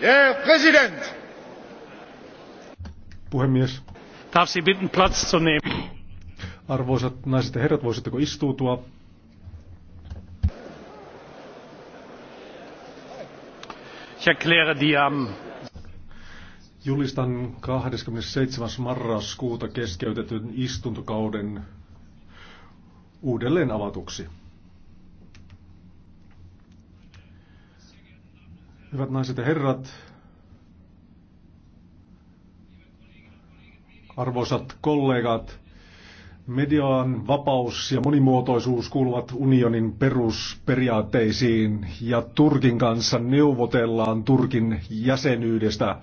Herr Präsident! Puhemies. Darf Sie bitten Platz zu nehmen? Arvoisat naiset ja herrat, voisitteko istuutua? Ich erkläre die am Julistan 27. marraskuuta keskeytetyn istuntokauden uudelleen avatuksi. Hyvät naiset ja herrat, arvoisat kollegat, median vapaus ja monimuotoisuus kuuluvat unionin perusperiaatteisiin ja Turkin kanssa neuvotellaan Turkin jäsenyydestä